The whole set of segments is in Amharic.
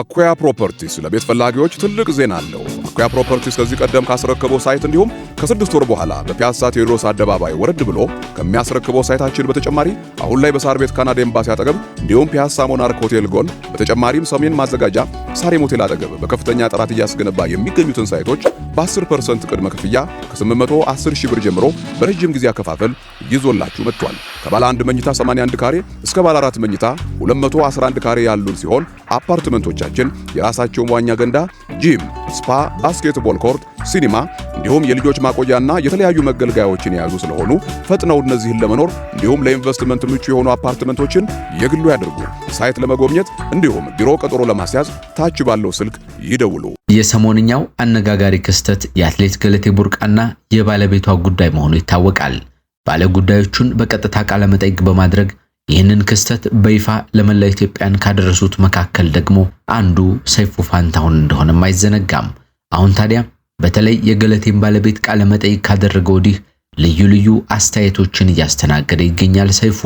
አኳያ ፕሮፐርቲስ ለቤት ፈላጊዎች ትልቅ ዜና አለው። አኩያ ፕሮፐርቲስ ከዚህ ቀደም ካስረከበው ሳይት እንዲሁም ከስድስት ወር በኋላ በፒያሳ ቴዎድሮስ አደባባይ ወረድ ብሎ ከሚያስረክበው ሳይታችን በተጨማሪ አሁን ላይ በሳር ቤት ካናዳ ኤምባሲ አጠገብ እንዲሁም ፒያሳ ሞናርክ ሆቴል ጎን በተጨማሪም ሰሜን ማዘጋጃ ሳሬም ሆቴል አጠገብ በከፍተኛ ጥራት እያስገነባ የሚገኙትን ሳይቶች በ10% ቅድመ ክፍያ ከ810 ሺህ ብር ጀምሮ በረጅም ጊዜ አከፋፈል ይዞላችሁ መጥቷል። ከባለ አንድ መኝታ 81 ካሬ እስከ ባለ አራት መኝታ 211 ካሬ ያሉን ሲሆን አፓርትመንቶቻችን የራሳቸውን ዋኛ ገንዳ፣ ጂም ስፓ፣ ባስኬትቦል ኮርት፣ ሲኒማ እንዲሁም የልጆች ማቆያና የተለያዩ መገልገያዎችን የያዙ ስለሆኑ ፈጥነው እነዚህን ለመኖር እንዲሁም ለኢንቨስትመንት ምቹ የሆኑ አፓርትመንቶችን የግሉ ያድርጉ። ሳይት ለመጎብኘት እንዲሁም ቢሮ ቀጠሮ ለማስያዝ ታች ባለው ስልክ ይደውሉ። የሰሞንኛው አነጋጋሪ ክስተት የአትሌት ገለቴ ቡርቃና የባለቤቷ ጉዳይ መሆኑ ይታወቃል። ባለጉዳዮቹን በቀጥታ ቃለመጠይቅ በማድረግ ይህንን ክስተት በይፋ ለመላ ኢትዮጵያን ካደረሱት መካከል ደግሞ አንዱ ሰይፉ ፋንታሁን እንደሆነም አይዘነጋም። አሁን ታዲያ በተለይ የገለቴን ባለቤት ቃለ መጠይቅ ካደረገ ወዲህ ልዩ ልዩ አስተያየቶችን እያስተናገደ ይገኛል። ሰይፉ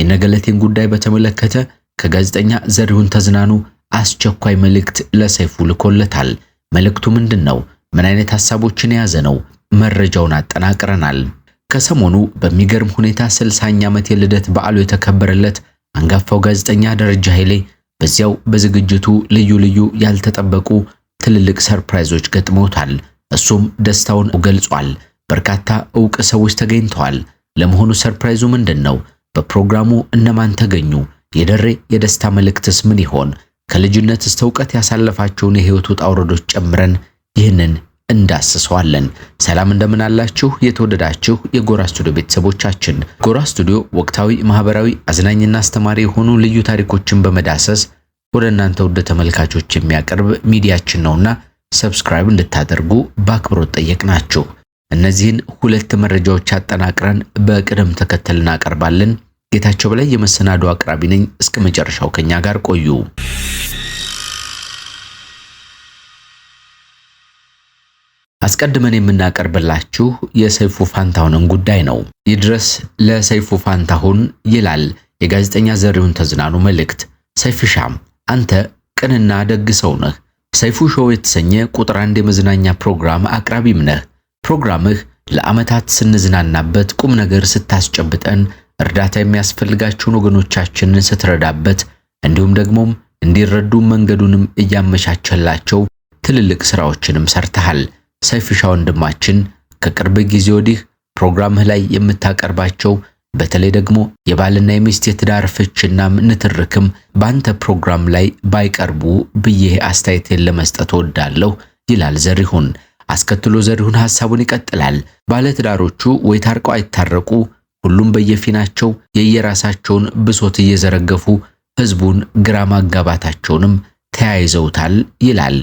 የነገለቴን ጉዳይ በተመለከተ ከጋዜጠኛ ዘሪሁን ተዝናኑ አስቸኳይ መልእክት ለሰይፉ ልኮለታል። መልእክቱ ምንድን ነው? ምን አይነት ሐሳቦችን የያዘ ነው? መረጃውን አጠናቅረናል። ከሰሞኑ በሚገርም ሁኔታ ስልሳኛ ዓመት የልደት በዓሉ የተከበረለት አንጋፋው ጋዜጠኛ ደረጃ ኃይሌ በዚያው በዝግጅቱ ልዩ ልዩ ያልተጠበቁ ትልልቅ ሰርፕራይዞች ገጥመውታል። እሱም ደስታውን ገልጿል። በርካታ እውቅ ሰዎች ተገኝተዋል። ለመሆኑ ሰርፕራይዙ ምንድን ነው? በፕሮግራሙ እነማን ተገኙ? የደሬ የደስታ መልእክትስ ምን ይሆን? ከልጅነት እስተ እውቀት ያሳለፋቸውን የሕይወት ውጣ ውረዶች ጨምረን ይህንን እንዳስሰዋለን። ሰላም እንደምን አላችሁ? የተወደዳችሁ የጎራ ስቱዲዮ ቤተሰቦቻችን፣ ጎራ ስቱዲዮ ወቅታዊ፣ ማህበራዊ፣ አዝናኝና አስተማሪ የሆኑ ልዩ ታሪኮችን በመዳሰስ ወደ እናንተ ወደ ተመልካቾች የሚያቀርብ ሚዲያችን ነውና ሰብስክራይብ እንድታደርጉ በአክብሮት ጠየቅናችሁ። እነዚህን ሁለት መረጃዎች አጠናቅረን በቅደም ተከተል እናቀርባለን። ጌታቸው በላይ የመሰናዶ አቅራቢ ነኝ። እስከ መጨረሻው ከኛ ጋር ቆዩ። አስቀድመን የምናቀርብላችሁ የሰይፉ ፋንታሁንን ጉዳይ ነው። ይድረስ ለሰይፉ ፋንታሁን ይላል የጋዜጠኛ ዘሪሁን ተዝናኑ መልእክት። ሰይፍሻም አንተ ቅንና ደግ ሰው ነህ። ሰይፉ ሾው የተሰኘ ቁጥር አንድ የመዝናኛ ፕሮግራም አቅራቢም ነህ። ፕሮግራምህ ለዓመታት ስንዝናናበት፣ ቁም ነገር ስታስጨብጠን፣ እርዳታ የሚያስፈልጋቸውን ወገኖቻችንን ስትረዳበት፣ እንዲሁም ደግሞም እንዲረዱ መንገዱንም እያመቻቸላቸው ትልልቅ ስራዎችንም ሰርተሃል። ሰይፍሻ ወንድማችን ከቅርብ ጊዜ ወዲህ ፕሮግራምህ ላይ የምታቀርባቸው በተለይ ደግሞ የባልና የሚስት የትዳር ፍችናም ንትርክም በአንተ ፕሮግራም ላይ ባይቀርቡ ብዬ አስተያየቴን ለመስጠት ወዳለሁ ይላል ዘሪሁን። አስከትሎ ዘሪሁን ሐሳቡን ይቀጥላል። ባለትዳሮቹ ወይ ታርቀው አይታረቁ፣ ሁሉም በየፊናቸው የየራሳቸውን ብሶት እየዘረገፉ ህዝቡን ግራ ማጋባታቸውንም ተያይዘውታል ይላል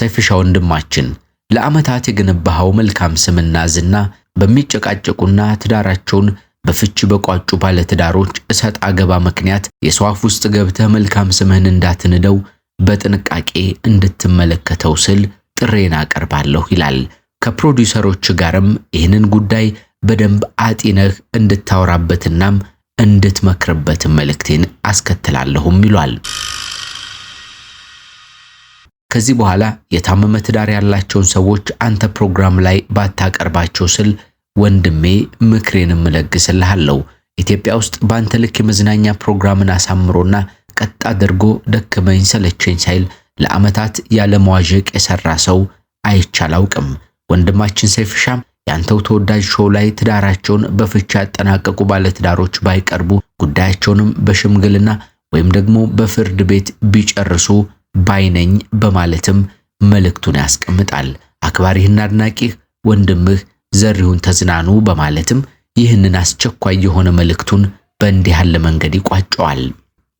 ሰይፍሻ ወንድማችን። ለዓመታት የገነባኸው መልካም ስምና ዝና በሚጨቃጨቁና ትዳራቸውን በፍች በቋጩ ባለትዳሮች እሰጥ አገባ ምክንያት የሰው ውስጥ ገብተህ መልካም ስምህን እንዳትንደው በጥንቃቄ እንድትመለከተው ስል ጥሬን አቀርባለሁ ይላል። ከፕሮዲውሰሮች ጋርም ይህንን ጉዳይ በደንብ አጢነህ እንድታወራበትናም እንድትመክርበት መልእክቴን አስከትላለሁም ይሏል። ከዚህ በኋላ የታመመ ትዳር ያላቸውን ሰዎች አንተ ፕሮግራም ላይ ባታቀርባቸው ስል ወንድሜ ምክሬንም እለግስልሃለሁ። ኢትዮጵያ ውስጥ በአንተ ልክ የመዝናኛ ፕሮግራምን አሳምሮና ቀጥ አድርጎ ደክመኝ ሰለቸኝ ሳይል ለዓመታት ያለ መዋዠቅ የሰራ ሰው አይቻላውቅም። ወንድማችን ሰይፍ ያንተው ተወዳጅ ሾው ላይ ትዳራቸውን በፍቻ ያጠናቀቁ ባለትዳሮች ባይቀርቡ ጉዳያቸውንም በሽምግልና ወይም ደግሞ በፍርድ ቤት ቢጨርሱ ባይነኝ በማለትም መልእክቱን ያስቀምጣል። አክባሪህና አድናቂህ ወንድምህ ዘሪሁን ተዝናኑ በማለትም ይህንን አስቸኳይ የሆነ መልእክቱን በእንዲህ ያለ መንገድ ይቋጨዋል።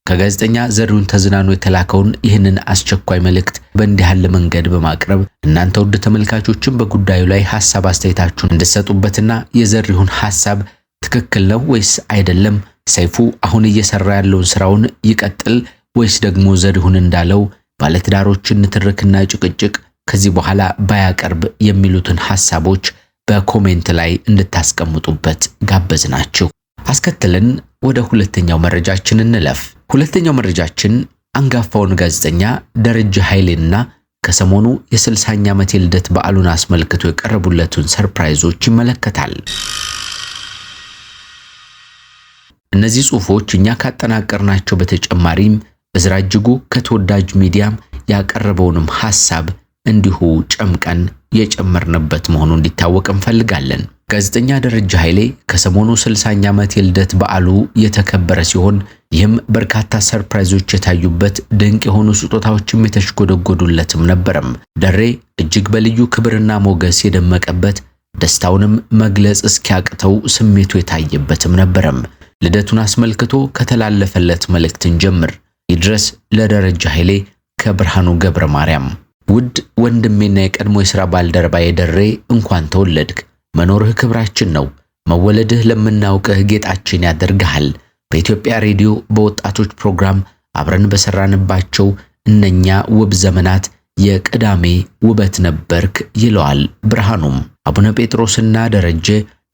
ከጋዜጠኛ ዘሪሁን ተዝናኑ የተላከውን ይህንን አስቸኳይ መልእክት በእንዲህ ያለ መንገድ በማቅረብ እናንተ ውድ ተመልካቾችን በጉዳዩ ላይ ሐሳብ አስተያየታችሁን እንድትሰጡበትና የዘሪሁን ሐሳብ ትክክል ነው ወይስ አይደለም፣ ሰይፉ አሁን እየሰራ ያለውን ስራውን ይቀጥል ወይስ ደግሞ ዘሪሁን እንዳለው ባለትዳሮችን ንትርክና ጭቅጭቅ ከዚህ በኋላ ባያቀርብ የሚሉትን ሐሳቦች በኮሜንት ላይ እንድታስቀምጡበት ጋበዝ ናችሁ። አስከትለን ወደ ሁለተኛው መረጃችን እንለፍ። ሁለተኛው መረጃችን አንጋፋውን ጋዜጠኛ ደረጀ ኃይሌንና ከሰሞኑ የ60ኛ ዓመት የልደት በዓሉን አስመልክቶ የቀረቡለትን ሰርፕራይዞች ይመለከታል። እነዚህ ጽሑፎች እኛ ካጠናቀርናቸው በተጨማሪም እዝራ እጅጉ ከተወዳጅ ሚዲያም ያቀረበውንም ሐሳብ እንዲሁ ጨምቀን የጨመርንበት መሆኑ እንዲታወቅ እንፈልጋለን። ጋዜጠኛ ደረጀ ኃይሌ ከሰሞኑ 60ኛ ዓመት የልደት በዓሉ የተከበረ ሲሆን ይህም በርካታ ሰርፕራይዞች የታዩበት ድንቅ የሆኑ ስጦታዎችም የተሽጎደጎዱለትም ነበረም። ደሬ እጅግ በልዩ ክብርና ሞገስ የደመቀበት ደስታውንም መግለጽ እስኪያቅተው ስሜቱ የታየበትም ነበረም። ልደቱን አስመልክቶ ከተላለፈለት መልእክትን ጀምር ይድረስ ለደረጃ ኃይሌ ከብርሃኑ ገብረ ማርያም ውድ ወንድሜና የቀድሞ የሥራ ባልደረባ የደሬ እንኳን ተወለድክ። መኖርህ ክብራችን ነው። መወለድህ ለምናውቅህ ጌጣችን ያደርግሃል። በኢትዮጵያ ሬዲዮ በወጣቶች ፕሮግራም አብረን በሰራንባቸው እነኛ ውብ ዘመናት የቅዳሜ ውበት ነበርክ ይለዋል ብርሃኑም። አቡነ ጴጥሮስና ደረጀ፣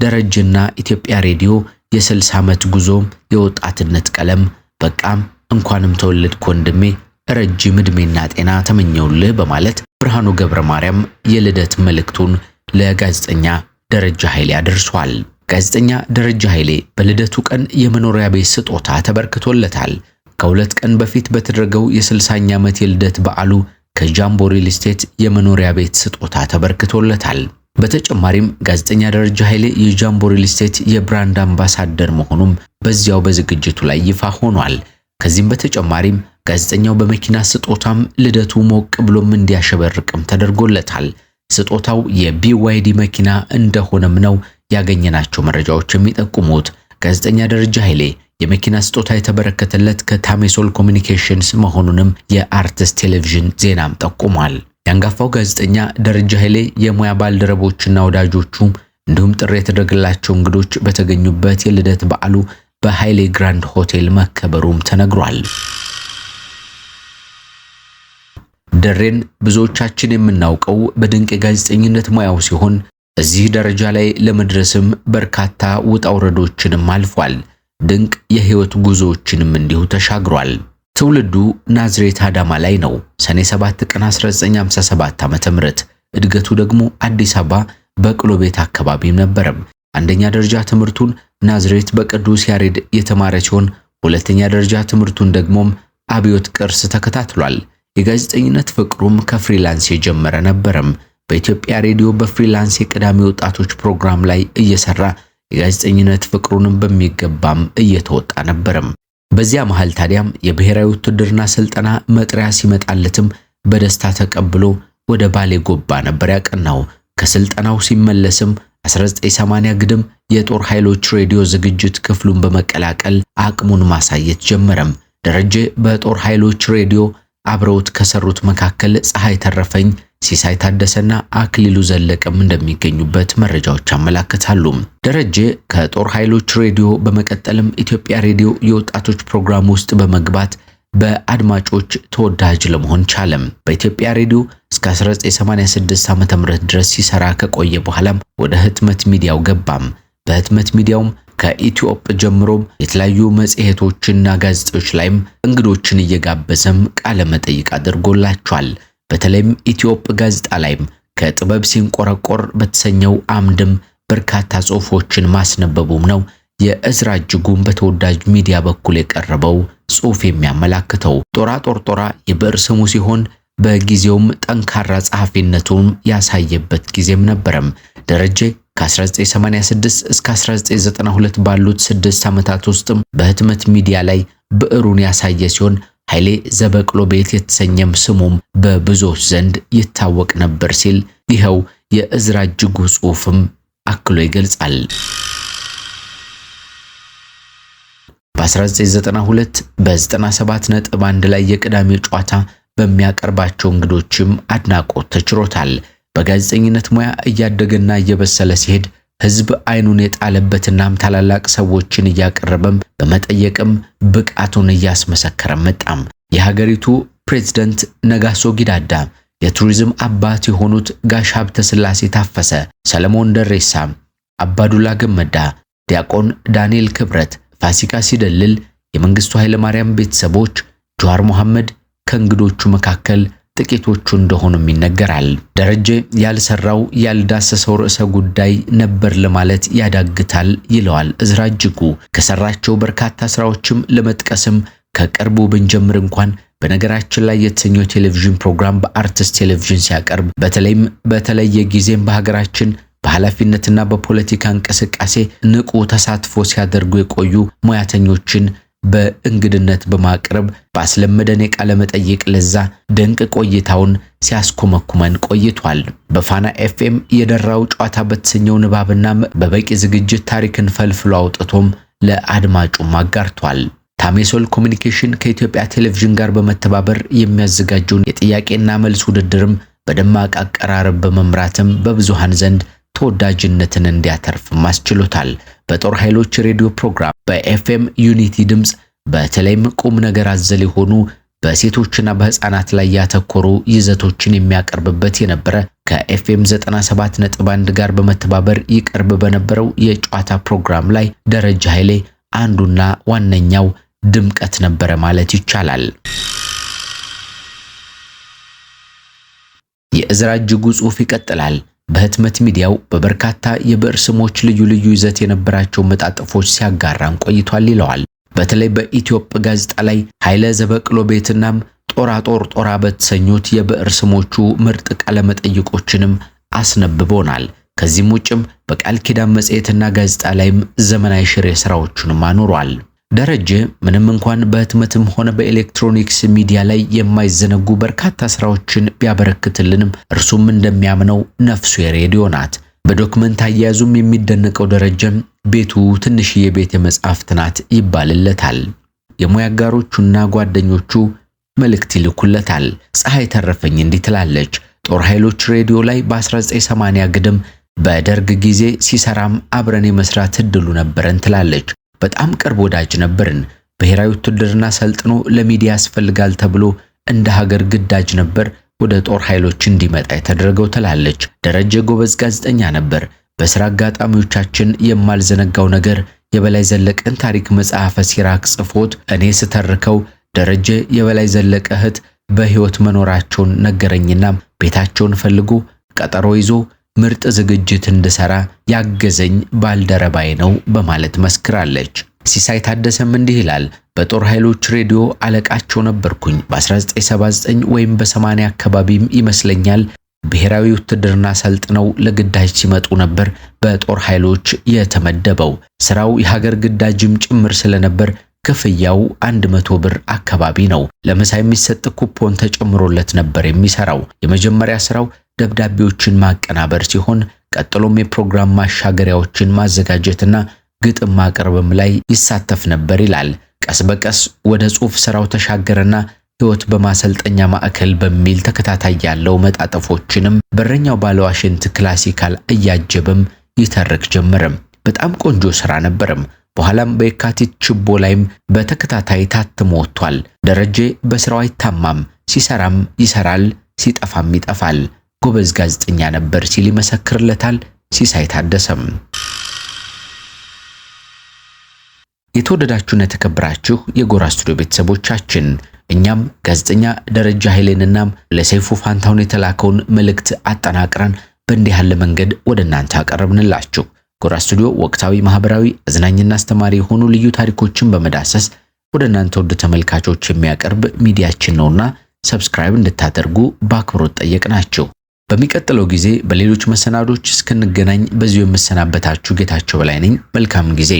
ደረጀና ኢትዮጵያ ሬዲዮ የ60 ዓመት ጉዞ የወጣትነት ቀለም በቃም እንኳንም ተወለድክ ወንድሜ ረጅም ዕድሜና ጤና ተመኘውልህ በማለት ብርሃኑ ገብረ ማርያም የልደት መልእክቱን ለጋዜጠኛ ደረጃ ኃይሌ አድርሷል። ጋዜጠኛ ደረጃ ኃይሌ በልደቱ ቀን የመኖሪያ ቤት ስጦታ ተበርክቶለታል። ከሁለት ቀን በፊት በተደረገው የ 60 ዓመት የልደት በዓሉ ከጃምቦ ሪል ስቴት የመኖሪያ ቤት ስጦታ ተበርክቶለታል። በተጨማሪም ጋዜጠኛ ደረጃ ኃይሌ የጃምቦ ሪል ስቴት የብራንድ አምባሳደር መሆኑም በዚያው በዝግጅቱ ላይ ይፋ ሆኗል። ከዚህም በተጨማሪም ጋዜጠኛው በመኪና ስጦታም ልደቱ ሞቅ ብሎም እንዲያሸበርቅም ተደርጎለታል። ስጦታው የቢዋይዲ መኪና እንደሆነም ነው ያገኘናቸው መረጃዎች የሚጠቁሙት። ጋዜጠኛ ደረጃ ኃይሌ የመኪና ስጦታ የተበረከተለት ከታሜሶል ኮሚኒኬሽንስ መሆኑንም የአርትስት ቴሌቪዥን ዜናም ጠቁሟል። የአንጋፋው ጋዜጠኛ ደረጃ ኃይሌ የሙያ ባልደረቦችና ወዳጆቹ እንዲሁም ጥሪ የተደረገላቸው እንግዶች በተገኙበት የልደት በዓሉ በሃይሌ ግራንድ ሆቴል መከበሩም ተነግሯል። ደሬን ብዙዎቻችን የምናውቀው በድንቅ የጋዜጠኝነት ሙያው ሲሆን እዚህ ደረጃ ላይ ለመድረስም በርካታ ውጣ ውረዶችንም አልፏል። ድንቅ የህይወት ጉዞዎችንም እንዲሁ ተሻግሯል። ትውልዱ ናዝሬት አዳማ ላይ ነው፣ ሰኔ 7 ቀን 1957 ዓ.ም። እድገቱ ደግሞ አዲስ አበባ በቅሎ ቤት አካባቢም ነበረም። አንደኛ ደረጃ ትምህርቱን ናዝሬት በቅዱስ ያሬድ የተማረ ሲሆን ሁለተኛ ደረጃ ትምህርቱን ደግሞም አብዮት ቅርስ ተከታትሏል። የጋዜጠኝነት ፍቅሩም ከፍሪላንስ የጀመረ ነበረም። በኢትዮጵያ ሬዲዮ በፍሪላንስ የቅዳሜ ወጣቶች ፕሮግራም ላይ እየሰራ የጋዜጠኝነት ፍቅሩንም በሚገባም እየተወጣ ነበረም። በዚያ መሃል ታዲያም የብሔራዊ ውትድርና ስልጠና መጥሪያ ሲመጣለትም በደስታ ተቀብሎ ወደ ባሌ ጎባ ነበር ያቀናው። ከስልጠናው ሲመለስም 1980 ግድም የጦር ኃይሎች ሬዲዮ ዝግጅት ክፍሉን በመቀላቀል አቅሙን ማሳየት ጀመረም። ደረጀ በጦር ኃይሎች ሬዲዮ አብረውት ከሰሩት መካከል ፀሐይ ተረፈኝ፣ ሲሳይ ታደሰና አክሊሉ ዘለቀም እንደሚገኙበት መረጃዎች ያመላክታሉ። ደረጀ ከጦር ኃይሎች ሬዲዮ በመቀጠልም ኢትዮጵያ ሬዲዮ የወጣቶች ፕሮግራም ውስጥ በመግባት በአድማጮች ተወዳጅ ለመሆን ቻለም። በኢትዮጵያ ሬዲዮ እስከ 1986 ዓ.ም ድረስ ሲሰራ ከቆየ በኋላም ወደ ህትመት ሚዲያው ገባም። በህትመት ሚዲያውም ከኢትዮጵ ጀምሮም የተለያዩ መጽሔቶችና ጋዜጦች ላይም እንግዶችን እየጋበዘም ቃለ መጠይቅ አድርጎላቸዋል። በተለይም ኢትዮጵ ጋዜጣ ላይም ከጥበብ ሲንቆረቆር በተሰኘው አምድም በርካታ ጽሑፎችን ማስነበቡም ነው የእዝራ እጅጉን በተወዳጅ ሚዲያ በኩል የቀረበው ጽሑፍ የሚያመላክተው ጦራ ጦርጦራ የብዕር ስሙ ሲሆን በጊዜውም ጠንካራ ጸሐፊነቱን ያሳየበት ጊዜም ነበረም። ደረጀ ከ1986 እስከ 1992 ባሉት ስድስት ዓመታት ውስጥም በህትመት ሚዲያ ላይ ብዕሩን ያሳየ ሲሆን ኃይሌ ዘበቅሎ ቤት የተሰኘም ስሙም በብዙዎች ዘንድ ይታወቅ ነበር ሲል ይኸው የእዝራ እጅጉ ጽሑፍም አክሎ ይገልጻል። በ1992 በ97 ነጥብ አንድ ላይ የቅዳሜ ጨዋታ በሚያቀርባቸው እንግዶችም አድናቆት ተችሮታል። በጋዜጠኝነት ሙያ እያደገና እየበሰለ ሲሄድ ህዝብ አይኑን የጣለበትናም ታላላቅ ሰዎችን እያቀረበም በመጠየቅም ብቃቱን እያስመሰከረም መጣም። የሀገሪቱ ፕሬዝደንት ነጋሶ ጊዳዳ፣ የቱሪዝም አባት የሆኑት ጋሽ ሀብተ ስላሴ ታፈሰ፣ ሰለሞን ደሬሳ፣ አባዱላ ገመዳ፣ ዲያቆን ዳንኤል ክብረት ፋሲካ ሲደልል የመንግስቱ ኃይለማርያም ቤተሰቦች ጀዋር መሐመድ ከእንግዶቹ መካከል ጥቂቶቹ እንደሆኑም ይነገራል። ደረጀ ያልሰራው ያልዳሰሰው ርዕሰ ጉዳይ ነበር ለማለት ያዳግታል ይለዋል እዝራ እጅጉ። ከሰራቸው በርካታ ስራዎችም ለመጥቀስም ከቅርቡ ብንጀምር እንኳን በነገራችን ላይ የተሰኘው ቴሌቪዥን ፕሮግራም በአርቲስት ቴሌቪዥን ሲያቀርብ በተለይም በተለየ ጊዜም በሀገራችን በኃላፊነትና በፖለቲካ እንቅስቃሴ ንቁ ተሳትፎ ሲያደርጉ የቆዩ ሙያተኞችን በእንግድነት በማቅረብ ባስለመደን የቃለ መጠይቅ ለዛ ድንቅ ቆይታውን ሲያስኮመኩመን ቆይቷል። በፋና ኤፍኤም የደራው ጨዋታ በተሰኘው ንባብና በበቂ ዝግጅት ታሪክን ፈልፍሎ አውጥቶም ለአድማጩም አጋርቷል። ታሜሶል ኮሚኒኬሽን ከኢትዮጵያ ቴሌቪዥን ጋር በመተባበር የሚያዘጋጀውን የጥያቄና መልስ ውድድርም በደማቅ አቀራረብ በመምራትም በብዙሃን ዘንድ ተወዳጅነትን እንዲያተርፍም አስችሎታል። በጦር ኃይሎች ሬዲዮ ፕሮግራም በኤፍኤም ዩኒቲ ድምፅ በተለይም ቁም ነገር አዘል የሆኑ በሴቶችና በህፃናት ላይ ያተኮሩ ይዘቶችን የሚያቀርብበት የነበረ ከኤፍኤም 97.1 ጋር በመተባበር ይቀርብ በነበረው የጨዋታ ፕሮግራም ላይ ደረጃ ኃይሌ አንዱና ዋነኛው ድምቀት ነበረ ማለት ይቻላል። የእዝራ እጅጉ ጽሑፍ ይቀጥላል። በህትመት ሚዲያው በበርካታ የብዕር ስሞች ልዩ ልዩ ይዘት የነበራቸው መጣጥፎች ሲያጋራም ቆይቷል ይለዋል። በተለይ በኢትዮጵ ጋዜጣ ላይ ኃይለ ዘበቅሎ ቤትናም ጦራጦር ጦራ በተሰኙት የብዕር ስሞቹ ምርጥ ቃለመጠይቆችንም አስነብቦናል። ከዚህም ውጭም በቃል ኪዳን መጽሔትና ጋዜጣ ላይም ዘመናዊ ሽሬ ስራዎቹንም አኑሯል። ደረጀ ምንም እንኳን በህትመትም ሆነ በኤሌክትሮኒክስ ሚዲያ ላይ የማይዘነጉ በርካታ ስራዎችን ቢያበረክትልንም እርሱም እንደሚያምነው ነፍሱ የሬዲዮ ናት። በዶክመንት አያያዙም የሚደነቀው ደረጀም ቤቱ ትንሽዬ ቤተ መጻሕፍት ናት ይባልለታል። የሙያ አጋሮቹና ጓደኞቹ መልእክት ይልኩለታል። ፀሐይ ተረፈኝ እንዲህ ትላለች። ጦር ኃይሎች ሬዲዮ ላይ በ1980 ግድም በደርግ ጊዜ ሲሰራም አብረን የመስራት እድሉ ነበረን ትላለች። በጣም ቅርብ ወዳጅ ነበርን። ብሔራዊ ውትድርና ሰልጥኖ ለሚዲያ ያስፈልጋል ተብሎ እንደ ሀገር ግዳጅ ነበር ወደ ጦር ኃይሎች እንዲመጣ የተደረገው ትላለች። ደረጀ ጎበዝ ጋዜጠኛ ነበር። በስራ አጋጣሚዎቻችን የማልዘነጋው ነገር የበላይ ዘለቀን ታሪክ መጽሐፈ ሲራክ ጽፎት እኔ ስተርከው ደረጀ የበላይ ዘለቀ እህት በህይወት መኖራቸውን ነገረኝና ቤታቸውን ፈልጎ ቀጠሮ ይዞ ምርጥ ዝግጅት እንድሰራ ያገዘኝ ባልደረባዬ ነው በማለት መስክራለች። ሲሳይ ታደሰም እንዲህ ይላል። በጦር ኃይሎች ሬዲዮ አለቃቸው ነበርኩኝ። በ1979 ወይም በ80 አካባቢም ይመስለኛል ብሔራዊ ውትድርና ሰልጥነው ለግዳጅ ሲመጡ ነበር በጦር ኃይሎች የተመደበው። ስራው የሀገር ግዳጅም ጭምር ስለነበር ክፍያው 100 ብር አካባቢ ነው። ለምሳ የሚሰጥ ኩፖን ተጨምሮለት ነበር የሚሰራው። የመጀመሪያ ስራው ደብዳቤዎችን ማቀናበር ሲሆን ቀጥሎም የፕሮግራም ማሻገሪያዎችን ማዘጋጀትና ግጥም ማቅረብም ላይ ይሳተፍ ነበር ይላል። ቀስ በቀስ ወደ ጽሑፍ ስራው ተሻገረና ሕይወት በማሰልጠኛ ማዕከል በሚል ተከታታይ ያለው መጣጠፎችንም በረኛው ባለዋሽንት ክላሲካል እያጀበም ይተርክ ጀመረም። በጣም ቆንጆ ስራ ነበርም። በኋላም በየካቲት ችቦ ላይም በተከታታይ ታትሞ ወጥቷል። ደረጀ በስራው አይታማም። ሲሰራም ይሰራል፣ ሲጠፋም ይጠፋል። ጎበዝ ጋዜጠኛ ነበር ሲል ይመሰክርለታል ሲሳይ ታደሰም። የተወደዳችሁና የተከበራችሁ የጎራ ስቱዲዮ ቤተሰቦቻችን እኛም ጋዜጠኛ ደረጃ ኃይሌንናም ለሰይፉ ፋንታውን የተላከውን መልእክት አጠናቅረን በእንዲህ ያለ መንገድ ወደ እናንተ አቀረብንላችሁ። ጎራ ስቱዲዮ ወቅታዊ፣ ማህበራዊ፣ አዝናኝና አስተማሪ የሆኑ ልዩ ታሪኮችን በመዳሰስ ወደ እናንተ ወደ ተመልካቾች የሚያቀርብ ሚዲያችን ነውና ሰብስክራይብ እንድታደርጉ በአክብሮት ጠየቅናችሁ። በሚቀጥለው ጊዜ በሌሎች መሰናዶች እስክንገናኝ በዚሁ የምሰናበታችሁ ጌታቸው በላይ ነኝ። መልካም ጊዜ